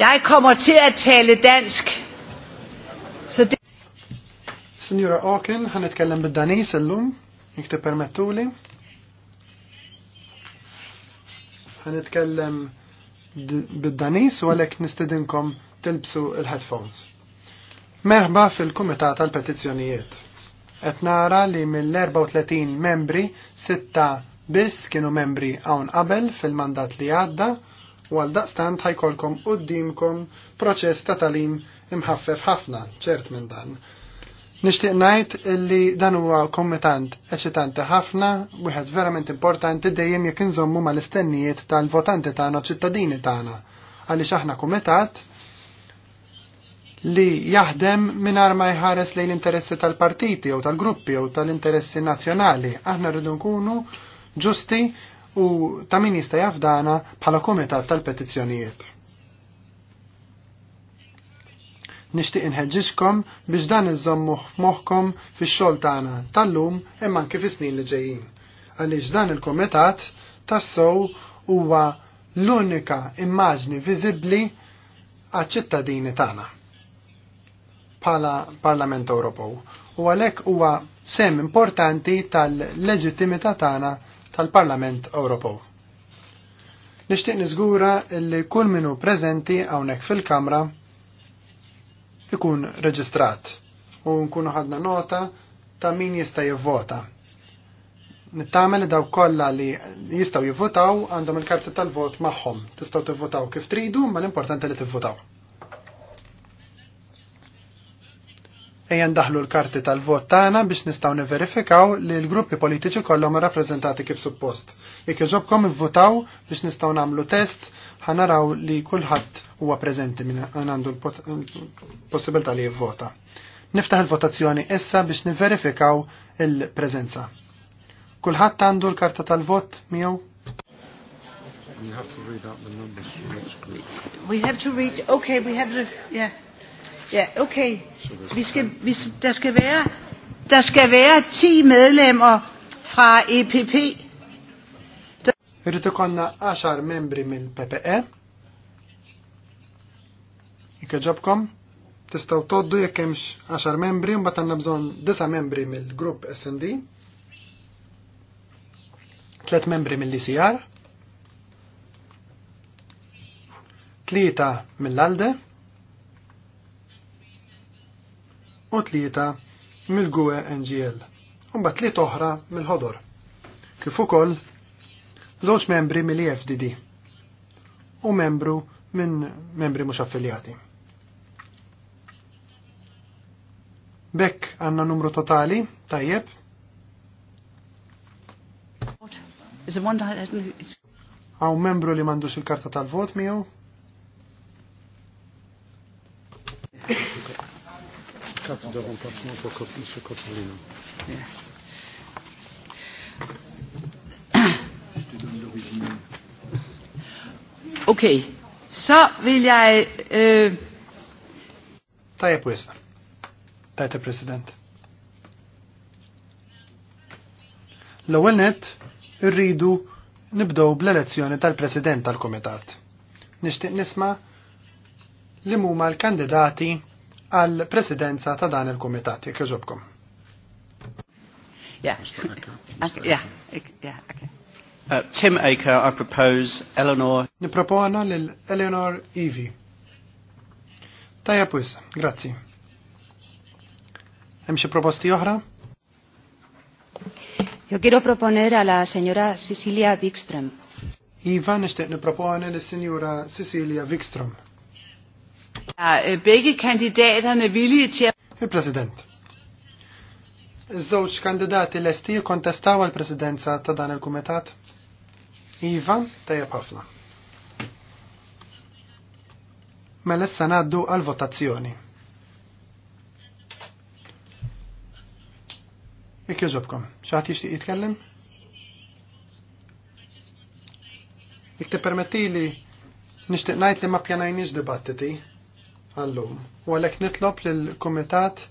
Jeg kommer til at tale dansk. Så det... Signora Aken, han itkellem med danis illum, jek te permettuli. Ħan itkellem bid-Danis u għalek nistedinkom tilbsu il-headphones. Merħba fil-Kumitat tal-Petizzjonijiet. Et nara li mill-34 membri, sitta bis kienu membri hawn qabel fil-mandat li għadda, u għal daqstant ħajkolkom d-dimkom proċess ta' talim imħaffef ħafna, ċert minn dan. Nishtiq najt illi dan huwa kommetant eċitanti ħafna, wieħed verament importanti dejjem jekk inżommu mal-istennijiet tal-votanti tagħna ċittadini tagħna. Għaliex aħna kumitat li jaħdem mingħajr ma jħares lejn l-interessi tal-partiti jew tal-gruppi jew tal-interessi nazzjonali. Aħna rridu nkunu ġusti u ta' min jista' jafdana bħala komitat tal-petizzjonijiet. Nixtieq inħeġġixkom biex dan iżommu moħkom fix-xogħol tagħna tal-lum imma anke fis-snin li ġejjin. Għaliex dan il-komitat tassow huwa l-unika immaġni viżibbli għaċ-ċittadini tagħna bħala Parlament Ewropew. U għalhekk huwa sem importanti tal-leġittimità tagħna tal-Parlament Ewropew. Nixtieq niżgura li kull minu preżenti hawnhekk fil-Kamra ikun reġistrat u nkunu ħadna nota ta' min jista' jivvota. Nittamel daw kollha li jistgħu jivvotaw għandhom il-karti tal-vot magħhom. Tistgħu tivvotaw kif tridu, ma l-importanti li tivvotaw. Ejja ndaħlu l-karti tal-vot tagħna biex nistgħu niverifikaw li l-gruppi politiċi kollhom rappreżentati kif suppost. Jekk iġobkom ivvutaw biex nistgħu nagħmlu test, ħanaraw li kulħadd huwa preżenti minn għandu l-possibilità li jivvota. Niftaħ il-votazzjoni issa biex niverifikaw il-preżenza. Kulħadd għandu l-karta tal-vot miegħu? We have to read out the numbers from each group. We have to read, okay, we have to, yeah. Ja, okay. Vi skal, vi, der, skal være, der skal være 10 medlemmer fra EPP. Irrid konna 10 membri mill-PPE. Jekk ġobkom, tistgħu toddu jekk hemmx 10 membri u mbagħad għandna 9 membri mill-grupp SD, 3 membri mill-ICR, 3 mill-ALDE, u tlieta mill-GUE NGL, u e mbagħad tliet oħra mill-ħodor. Kif ukoll żewġ membri mill-EFDD u membru minn membri mhux affiljati. Bekk għanna numru totali, tajjeb. Għaw membru li mandux il-karta tal-vot miegħu? Okej, okay. så vill jag... E, e, Tajta president. L-ewwel net irridu nibdew bl-elezzjoni tal-President tal-Kumitat. Nixtieq nisma' li huma l-kandidati għal presidenza ta' dan il-komitat. Ikkeġobkom. Uh, Tim Aker, I propose Eleanor. Nipropona lil Eleanor Evie. Tajja pwis, grazzi. Hemm xi proposti oħra? Jo quiero proponer a la señora Cecilia Wikström. Iva nishtiq niproponi lis-Sinjura Cecilia Wikström. Øh, begge kandidaterne er vilje til Il-President. iż kandidati kandidati lesti kontestaw għal-presidenza ta' dan il-kumitat? Iva, tajjeb ħafna. Mela issa ngħaddu għal-votazzjoni. Jekk jogħġobkom, xi ħadd jixtieq jitkellem? Jekk tippermettili nixtieq ngħid li ma pjanajniex dibattiti, għallum. U għalhekk nitlob lill kumitat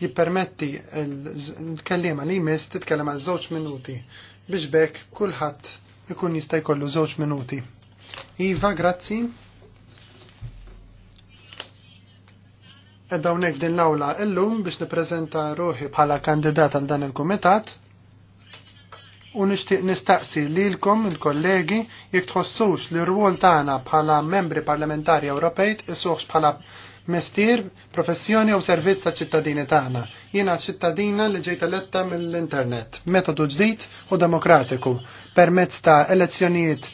jippermetti l-kellima li jmiss titkellem għal żewġ minuti biex bekk kulħadd ikun jista' jkollu żewġ minuti. Iva, grazzi. Edda hawnhekk din l-awla illum biex nippreżenta ruħi bħala kandidat għal dan il-kumitat u nishtiq nistaqsi lilkom il-kollegi jekk tħossux li r-rwol tagħna bħala membri parlamentari Ewropej isuħx bħala mestier, professjoni u servizz ta' ċittadini tagħna. Jiena ċittadina li ġejt eletta mill-internet, metodu ġdid u demokratiku permezz ta' elezzjonijiet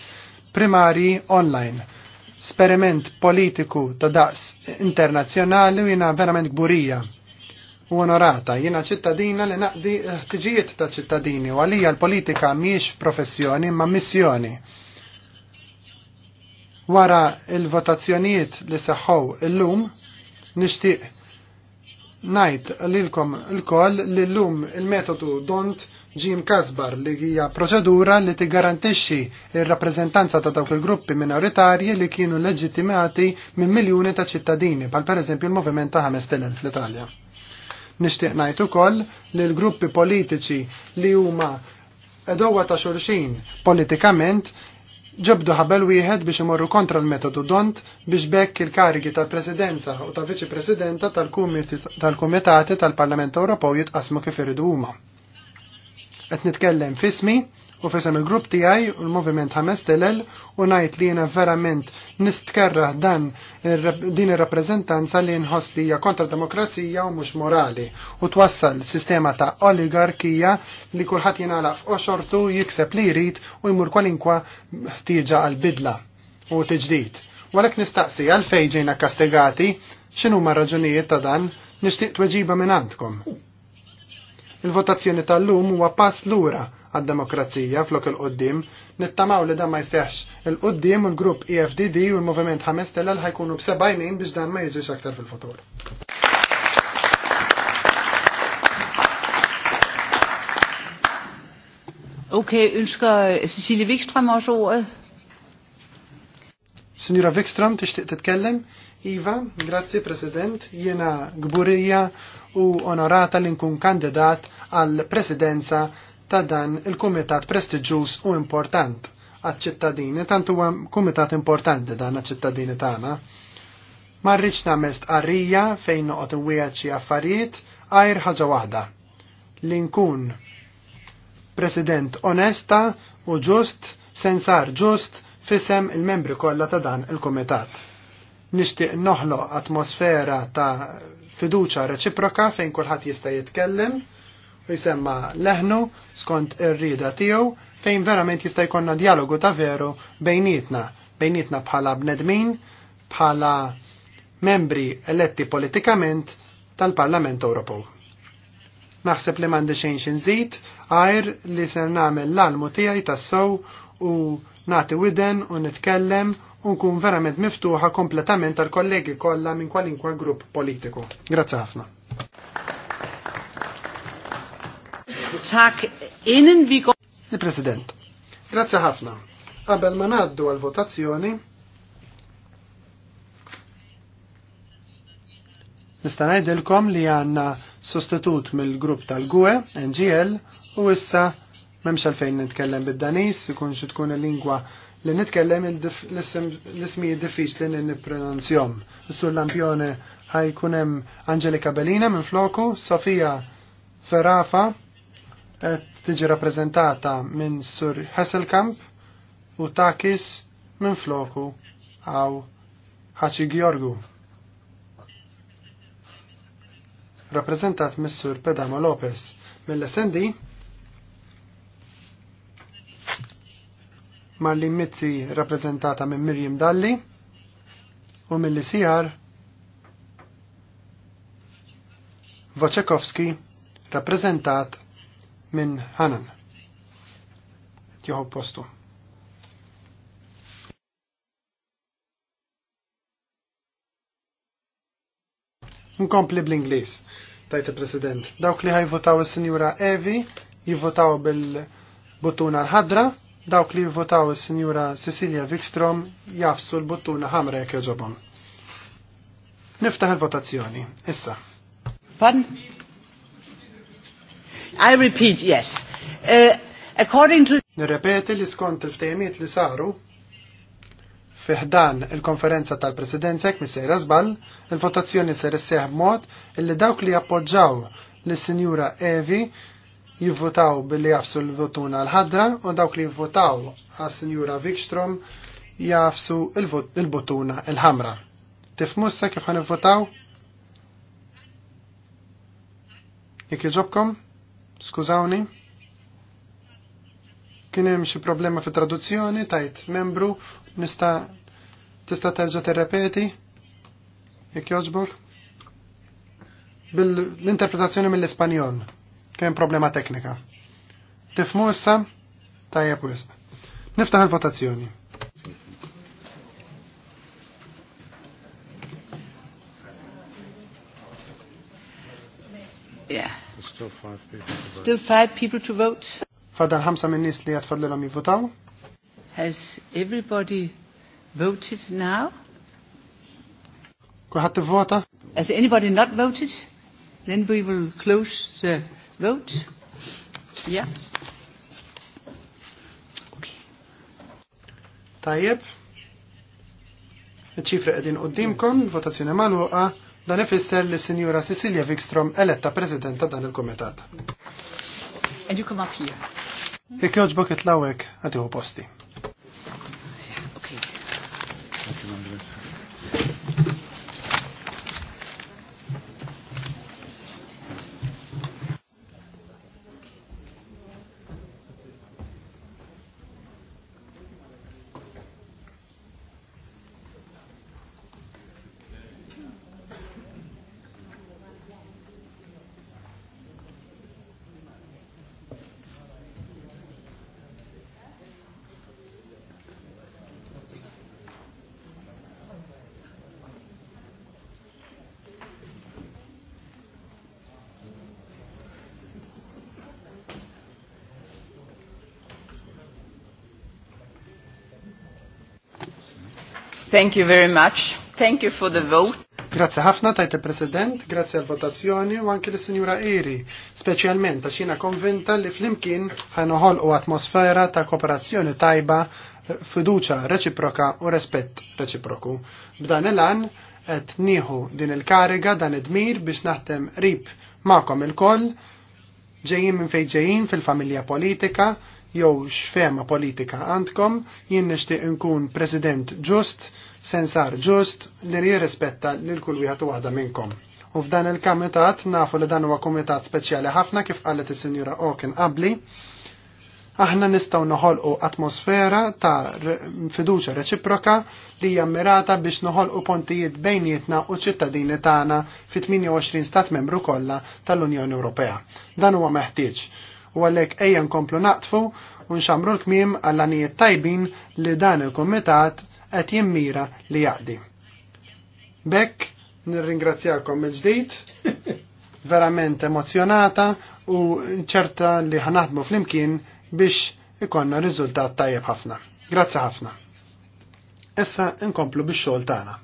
primarji online. Speriment politiku ta' daqs internazzjonali u jiena verament gburija u onorata. Jiena ċittadina li naqdi ħtiġijiet ta' ċittadini u għalija l-politika mhijiex professjoni ma' missjoni wara il-votazzjonijiet li seħħow lum nixtieq najt lilkom l-koll li l-lum il-metodu dont ġim kasbar li hija proċedura li tigarantixxi il rappreżentanza ta' dawk il-gruppi minoritarji li kienu leġittimati minn miljuni ta' ċittadini, bħal pereżempju il movement ta' 5000 fl-Italja. Nixtieq ngħid ukoll li l-gruppi politiċi li huma edowa ta' xulxin politikament ġebdu ħabel wieħed biex imorru kontra l-metodu dont biex bekk il-karigi tal-presidenza u ta' viċi-presidenta tal-kumitati tal-Parlament Ewropew jitqasmu kif iridu huma. Qed nitkellem fismi u fesem il-grupp tiegħi u l-Moviment Ħames Telel u ngħid li jena verament nistkerra dan din ir-rappreżentanza li nħoss li hija kontra demokrazija u mhux morali u twassal sistema ta' oligarkija li kulħadd jingħalaq f'qoxortu jikseb li jrid u jmur kwalinkwa ħtieġa għal bidla u tiġdid. Walek nistaqsi għalfejn ġejna kastegati xinu ma raġunijiet ta' dan nixtieq tweġiba minn għandkom. Il-votazzjoni tal-lum huwa pass lura għad-demokrazija flok il-qoddim, nittamaw li dan ma jseħx il-qoddim u l-grupp EFDD u l-Moviment 5000 ħajkunu b'sebajnin biex dan ma jiġix aktar fil-futur. Okay, ønsker Cecilie Wikstrøm også ordet? Signora Wikstrøm, tixtieq titkellem? Iva, grazie, President, jiena gburija u onorata li nkun kandidat għal presidenza ta' dan il-kumitat prestiġjuż u important għat-ċittadini, tant huwa kumitat importanti dan għat-ċittadini tagħna. Marriċ nagħmel stqarrija fejn noqgħod inwieħed xi affarijiet għajr ħaġa waħda li nkun president onesta u ġust, sensar ġust, fisem il-membri kollha ta' dan il-kumitat. Nixtieq noħloq atmosfera ta' fiduċa reċiproka fejn kulħadd jista' jitkellem jisemma leħnu skont ir-rida tiegħu fejn verament jista' jkollna dialogu ta' veru bejnietna, bejnietna bħala bnedmin, bħala membri eletti politikament tal-Parlament Ewropew. Naħseb li m'għandi xejn nżid għajr li ser nagħmel l-almu tiegħi tas u nagħti widen u nitkellem u nkun verament miftuħa kompletament tal kollegi kollha minn kwalinkwa grupp politiku. Grazzi ħafna. Tak, inin Il-President, grazie ħafna. Qabel ma naddu għal-votazzjoni, nista' ngħidilkom li għandna sostitut mill-grupp tal-GUE, NGL, u issa m'hemmx għalfejn nitkellem bid-Danis, ikun xi tkun il-lingwa li nitkellem l ismi diffiċli li nippronunzjom. Issu sur lampjoni ħajkun hemm Angelika Bellina minn floku, Sofija Ferrafa, qed tiġi rappreżentata minn Sur Hasselkamp u Takis minn floku għaw Ħaċi Georgu. Rappreżentat minn Sur Pedamo Lopez mill-SND Marli Mizzi rappreżentata minn Mirjam Dalli u mill-ICR Voċekowski rappreżentat minn Hanan. Tiħu postu. Nkompli bl-Inglis, tajt il-President. Dawk li ħajvotaw il-Sinjura Evi jivvotaw bil-buttuna l-ħadra, dawk li jivvotaw il-Sinjura Cecilia Wikstrom jafsu l-buttuna ħamra jek joġobom. Niftaħ il-votazzjoni, issa. Pardon? I repeat, yes. Uh, according to... Nirrepeti li skont il-ftejmiet li saru fiħdan il-konferenza tal-presidenza jek misej razbal, il-votazzjoni ser isseħ mod illi dawk li appoġġaw li sinjura Evi jivvotaw billi jafsu l-votuna l-ħadra u dawk li jivvotaw għas sinjura Wikstrom jafsu il-votuna l-ħamra. Tifmussa kif ħan votaw? Jek jġobkom? Skużawni? Kien hemm xi problema fit traduzzjoni tajt membru nista' tista' terġa' tirrepeti jekk jogħġbok? Bil-interpretazzjoni mill-Ispanjol kien hemm problema teknika. Tifmu issa tajjeb wisq. Niftaħ il-votazzjoni. Still five people to vote. Still five people to vote. Fadal ħamsa minn nis li jatfadlilhom jivvotaw. Has everybody voted now? Kulħadd vota Has anybody not voted? Then we will close the vote. Yeah. Okay. Tajjeb. Iċ-ċifra qegħdin qudiemkom, votazzjoni magħluqa. Dan ifisser li Sinjura Cecilia Wikstrom eletta President ta' dan il-Kumitat. And you come up here. Ikjoġbok itlawek għatiħu posti. Thank you very much. Thank you for the vote. Grazie ħafna tajt il-President, grazie għal votazzjoni u anki l-Sinjura Iri, speċjalment għax jiena konvinta li flimkien ħanoħol u atmosfera ta' kooperazzjoni tajba, fiduċa reċiproka u respett reċiproku. B'dan il-an qed nieħu din il-kariga dan id-dmir biex naħdem rib ma'kom il-koll ġejjin minn fejn ġejjin fil-familja politika, jew x'fema politika għandkom, jien nixtieq inkun President ġust sensar ġust li jirrispetta lil kull wieħed u waħda minnkom. U f'dan il-kamitat nafu li dan huwa kumitat speċjali ħafna kif qalet is-Sinjura Oken qabli. Aħna nistgħu noħolqu atmosfera ta' fiduċa reċiproka li hija mirata biex noħolqu pontijiet bejnietna u ċittadini tagħna fi 28 stat membru kollha tal-Unjoni Ewropea. Dan huwa meħtieġ. U għalhekk ejja nkomplu naqtfu u nxamru l-kmiem għall-anijiet tajbin li dan il-kumitat qed jimmira li jaqdi. Bekk nirringrazzjakom il-ġdid, verament emozjonata u ċerta li ħanaħdmu fl-imkien biex ikonna riżultat tajjeb ħafna. Grazzi ħafna. Issa nkomplu bix-xogħol tagħna.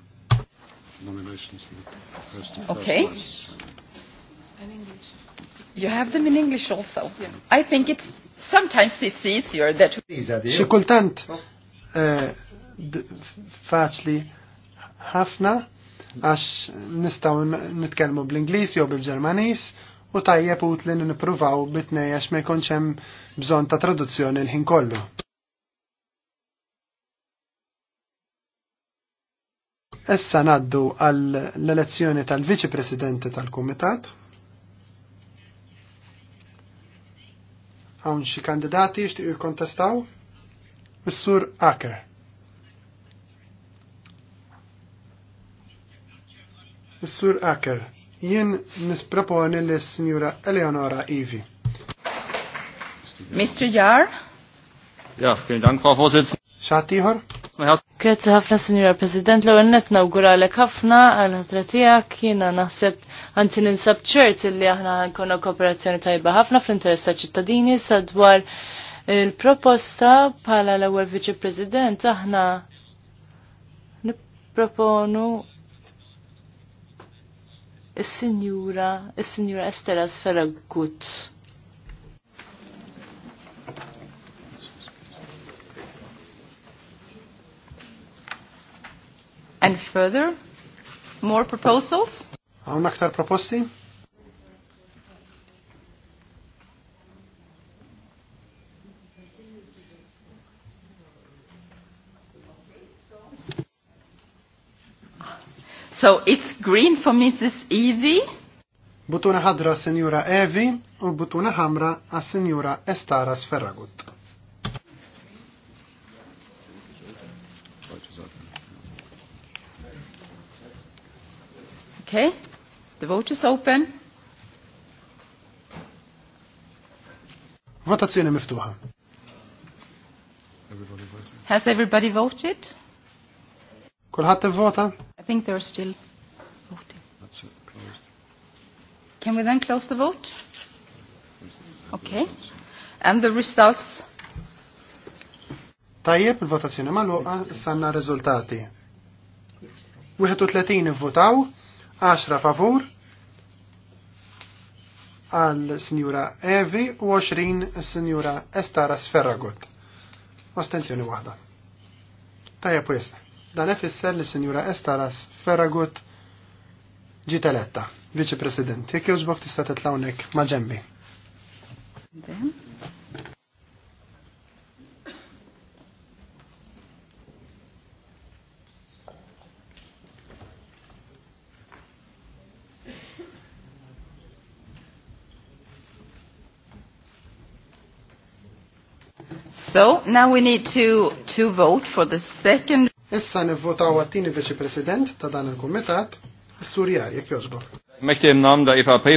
Okay. You have them in English also. Yeah. I think it's sometimes it's easier that. Xi kultant oh. eh, faċli ħafna għax nistaw nitkellmu bl-Ingliż jew bil-Ġermaniż u tajjeb utli nippruvaw bitnej għax ma jkunx hemm bżonn ta' traduzzjoni l-ħin kollu. Issa naddu għall-elezzjoni tal-Viċi Presidenti tal-Kumitat. Hawn xi kandidati jixtiequ jikkontestaw? Missur Aker. sur Aker, jien nisproponi lis sinjura Eleonora Ivi. Mr. Jar? Ja, vielen Dank, Frau Vorsitz. Xatiħor? Grazie ħafna, Signora President. L-għu net nawguralek ħafna għal ħatra tiegħek. Jiena naħseb għanti ninsab ċert li aħna nkunu kooperazzjoni tajba ħafna fl-interess ta' ċittadini sadwar il-proposta bħala l-ewwel Viċi President aħna nipproponu is-Sinjura is-Sinjura Esteras Ferragut. And further, more proposals? Hawn aktar proposti? So it's green for Mrs. Evie. Butuna ħadra Senjura Evi u butuna ħamra għas Senjura estaras ferragut. Okay, the vote is open. Votazzjoni miftuħa. Has everybody voted? Kulħat vota think there are still voting. That's it, closed. Can we then close the vote? Okay. And the results? Tajjeb il-votazzjoni magħluqa sanna rizultati. 31 votaw, 10 favur għal Sinjura Evi u 20 Sinjura Estara Sferragut. Ostenzjoni wahda. Tajjeb u jessa. Dan ifisser li Sinjura Estaras Ferragut Gitaletta, Vice Viċi President. Jekk jogħġbok tista' titla' hawnhekk ma' ġembi. So now we need to, to vote for the second Issa nivvotaw għattini viċi president ta' dan il-komitat, s-Surjar, jek joġbor. Mekti nam da' ifa e pej.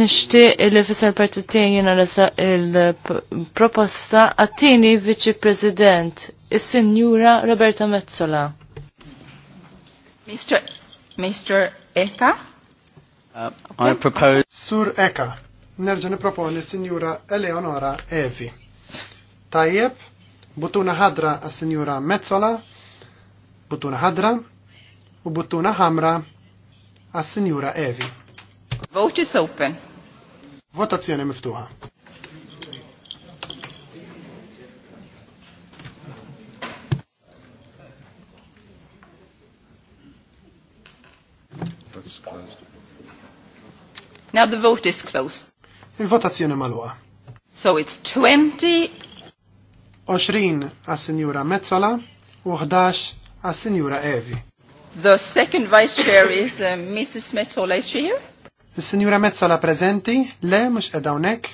Nishtiq li fissal partitin jena sa il-proposta għattini viċi president, il-Sinjura Roberta Mezzola. Mr. Mr. Eka? Uh, I propose... Sur Eka, nerġa niproponi signora Eleonora Evi. Tajjeb, butuna ħadra għas-Sinjura Mezzola, buttuna ħadra u buttuna ħamra għas-Sinjura Evi. Vote is open. Votazzjoni miftuħa. Now the vote is closed. Il-votazzjoni maluqa. So it's 20 20 għas-Sinjura Mezzola u 11 għas-Sinjura Evi. The second vice chair is uh, Mrs. Metzola. Is she here? Is-Sinjura Metzola prezenti? Le, mux edawnek.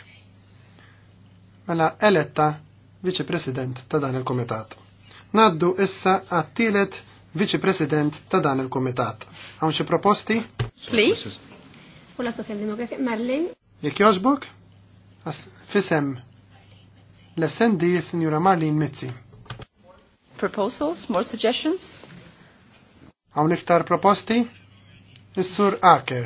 Mela eletta Vice president ta' dan il-komitat. Naddu issa għattilet vice president ta' dan il-komitat. Għan xie proposti? Please. U la Socialdemokrati, Marlin. Jek joġbok? Fisem l-SND, Sinjura Marlin Mizzi proposals, more suggestions? Għaw niftar proposti? Is-sur Aker.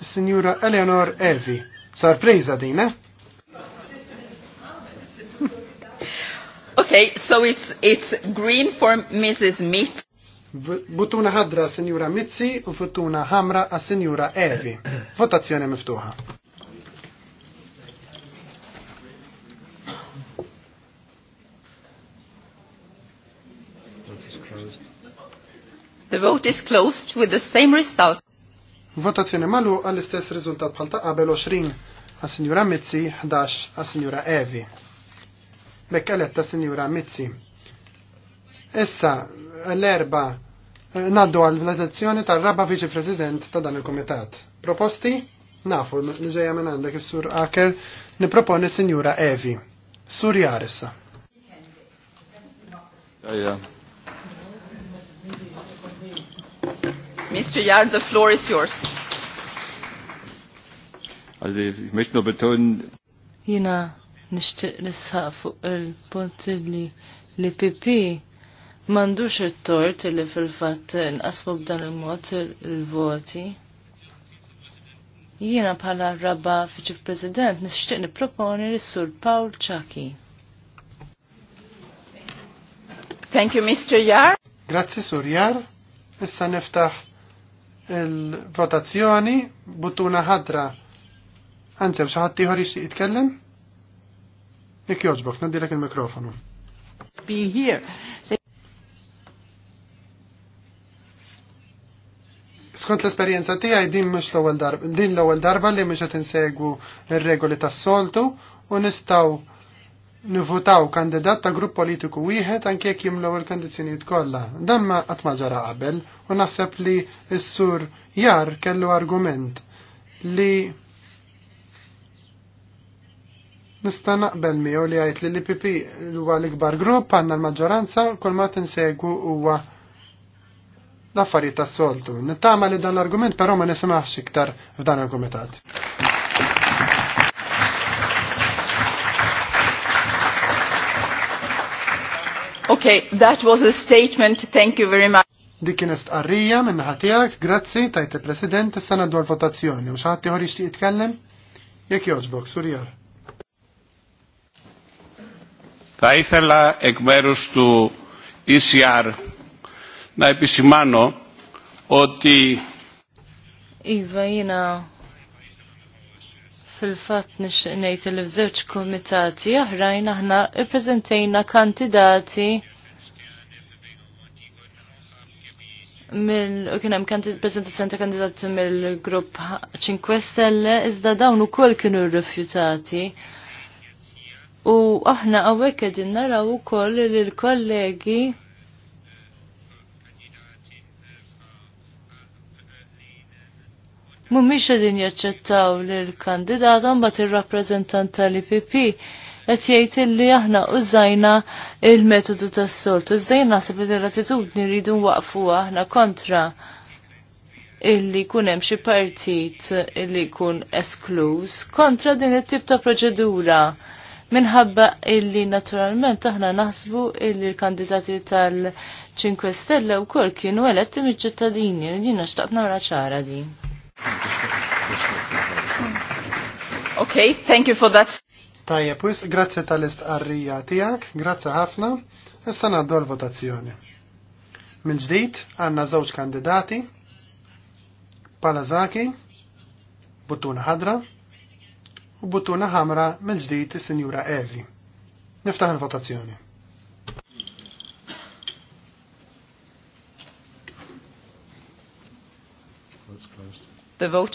Is-sinjura Eleanor Evi. Sorpresa dina? Eh? okay, so it's, it's green for Mrs. Mitt. Butuna ħadra, sinjura Mitzi, u futuna ħamra, a sinjura Evi. Votazzjoni miftuħa. The vote is closed with the same result. Votazzjoni malu għall-istess rizultat bħal ta' qabel 20 għas-Sinjura Mizzi, 11 għas-Sinjura Evi. Bekk eletta Sinjura Mizzi. Issa l-erba eh, naddu għall-votazzjoni tal-raba viċi President ta' dan il-Komitat. Proposti? Nafu nġeja minn għandek il sur Aker niproponi Sinjura Evi. Sur jar issa. Mr. Yar, the floor is yours. Also, ich möchte nur betonen. Jina, nishtiq nisħaq fuq il-punt li li pipi mandux il-tort li fil-fat nqasmu b'dan il-mod il-voti. Jiena bħala rabba fiċi president nishtiq niproponi lis sur Paul Chucky. Thank you, Mr. Jar. Grazie, Sur Jar. Issa niftaħ il-votazzjoni buttuna ħadra. Anzi, hemm xaħat tiħor ieħor jitkellem? Jekk jogħġbok, nadilek il-mikrofonu. Being here. Skont l-esperjenza tiegħi din mhux l-ewwel darba, din l-ewwel darba li mhux qed insegwu r-regoli tas-soltu u nistgħu nivutaw kandidat ta' grupp politiku wieħed anke jekk jimlew il-kondizzjonijiet kollha. Damma qatt ma ġara qabel u naħseb li s-sur jar kellu argument li nista' naqbel miegħu li jgħid li l-IPP huwa l-ikbar grupp għandna l-maġġoranza kull ma tinsegwu huwa l-affarijiet tas-soltu. Nittama li dan l-argument però ma nisimgħax iktar f'dan il-kumitat. Okay, that was a statement. Thank you very much. Dik kienet stqarrija minn ħatijak, grazzi, tajte president s-sana dwar votazzjoni. Mux ħatti ħor jishtiq jitkellem? Jek joġbok, surjar. Θα ήθελα εκ μέρους του ECR να επισημάνω ότι Iva jina fil-fat nixnejt il-żewġ komitati aħrajn aħna ippreżentejna kandidati mill kien hemm prezentazzjoni ta' kandidati mill-grupp 5 Stelle iżda dawn ukoll kienu rrifjutati. U aħna għawek qegħdin naraw ukoll koll l-kollegi mhumiex qegħdin jaċċettaw l kandidat bat il-rappresentant tal-IPP qed jgħid illi aħna użajna il-metodu tas-soltu. Iżda jien naħseb li l-attitudni rridu nwaqfu aħna kontra illi kun hemm xi partit illi jkun esklus kontra din it-tip ta' proċedura minħabba illi naturalment aħna naħsbu illi l-kandidati tal-5 Stella u kol kienu eletti mill-ċittadini li dina xtaqt nara ċara di. Okay, thank you for that. Tajjeb, wis, grazzi tal-istqarrija tiegħek, grazzi ħafna, issa ngħaddu l-votazzjoni. Minn ġdid għandna żewġ kandidati, Palazaki, Buttuna Ħadra u Buttuna Ħamra minn ġdid is-Sinjura Evi. Niftaħ il-votazzjoni. The vote